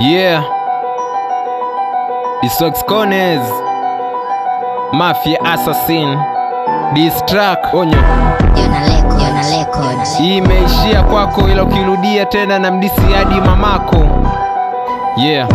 Yeah, Isox Cones, Mafia Assassin, track. onyo. imeishia kwako, ila ukirudia tena na mdisi hadi mamako. Yeah.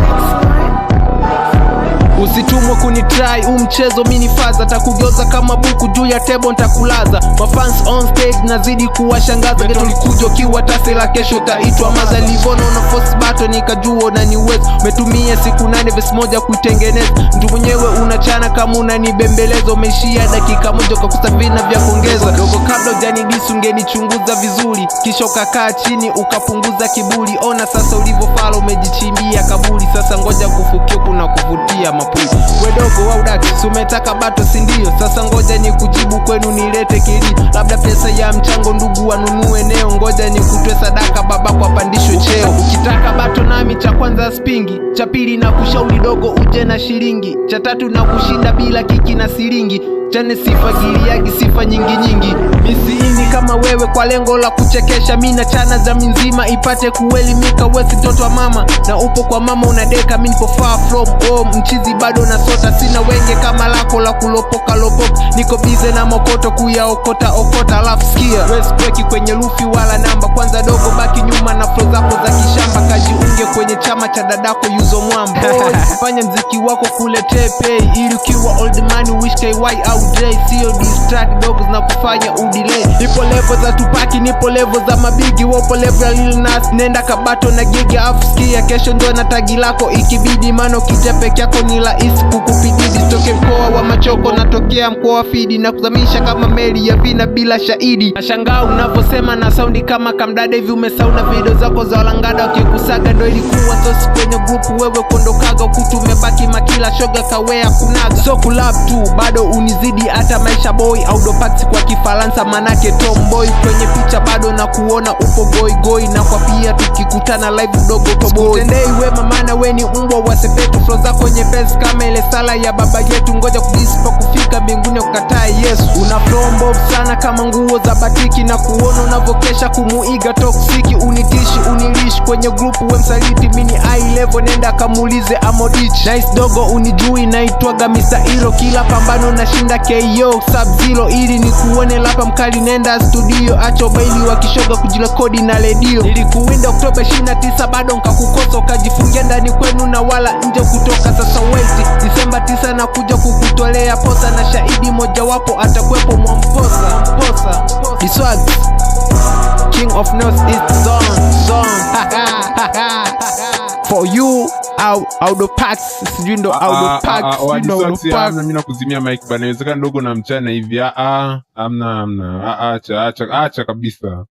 Usitumwe kunitry umchezo mini faza takugeuza kama buku juu ya tebo ntakulaza. Mafans on stage nazidi kuwashangaza, geto likuja kiwa tase la kesho taitwa maza. Livono na force battle nikajua na ni uwezo umetumia siku nane vesi moja kuitengeneza. Mtu mwenyewe unachana kama unanibembeleza, umeishia dakika moja kwa kusafina vya kuongeza. Dogo, kabla ujanidisi ungenichunguza vizuri, kisha ukakaa chini ukapunguza kiburi. Ona sasa ulivyofala, umejichimbia kaburi. Sasa ngoja ya mapuzi. Wedogo wa udaki sumetaka bato, sindio Sasa ngoja ni kujibu kwenu, nilete kilio, labda pesa ya mchango, ndugu wanunue eneo, ngoja ni kutwe sadaka, kwa pandisho cheo. Ukitaka bato nami, cha kwanza spingi, cha pili na kushauri dogo, uje na shilingi, cha tatu na kushinda bila kiki na silingi tena sifa giliagi sifa nyingi nyingi misiini kama wewe kwa lengo la kuchekesha mina chana zami nzima ipate kuelimika wesi mtoto wa mama na upo kwa mama unadeka mi nipo far from home mchizi bado nasota sina wenge kama lako la kulopoka lopoka niko bize na mokoto kuyaokota okota alafu skia kweki kwenye lufi wala namba kwanza dogo baki nyuma na flo zako za kisha jiunge kwenye chama cha dadako Yuzo Mwamba fanya mziki wako kule tepe, ili ukiwa old man wish KY au Dre, sio distract dogs na kufanya udelay. Nipo level za Tupaki, nipo level za mabigi, wapo level ya Lil Nas, nenda kabato na gigi afu skia kesho, ndo na tagi lako ikibidi, mano kitepe peke ni rahisi Nisitoke mkoa wa Machoko, natokea mkoa wa Fidi na kuzamisha kama meli ya vina bila shahidi. Nashangaa unavyosema na saundi kama Kamdada hivi umesauna video zako za walangada wakikusaga, ndo ilikuwa sosi kwenye grupu wewe kuondokaga ukutu umebaki makila shoga kawea kunaga so kulab tu bado unizidi hata maisha boy audopax kwa Kifaransa manake tomboy kwenye picha bado na kuona upo goigoi na kwa pia tukikutana live dogo toboy sikutendei we mamana we ni umbwa wa sepetu flo zako nyepesi kama ile sala ya baba yetu, ngoja kujisi pa kufika mbinguni ukatae Yesu. Una flombo sana kama nguo za batiki, na kuona unavokesha kumuiga toksiki. Unitishi unilishi kwenye grupu, we msaliti mini high level, nenda kamuulize Amodich. Nice dogo unijui, naitwaga Mr kila pambano nashinda KO sub zero, ili kuone lapa mkali, nenda studio, acho baili wa kishoga kujirekodi na redio. Nilikuwinda Oktoba 29 bado nkakukosa, ukajifungia ndani kwenu na wala nje kutoka sasa kabisa na kuja kukutolea posa, na shahidi moja wapo atakwepo Mwamposa posa. Diswags King of North East Zone zone for you au audo packs sijui ndo ah, ah, audo ah, packs sijui audo packs. Mimi nakuzimia mic bana, inawezekana ndogo na mchana hivi. ah, amna amna, acha acha acha kabisa.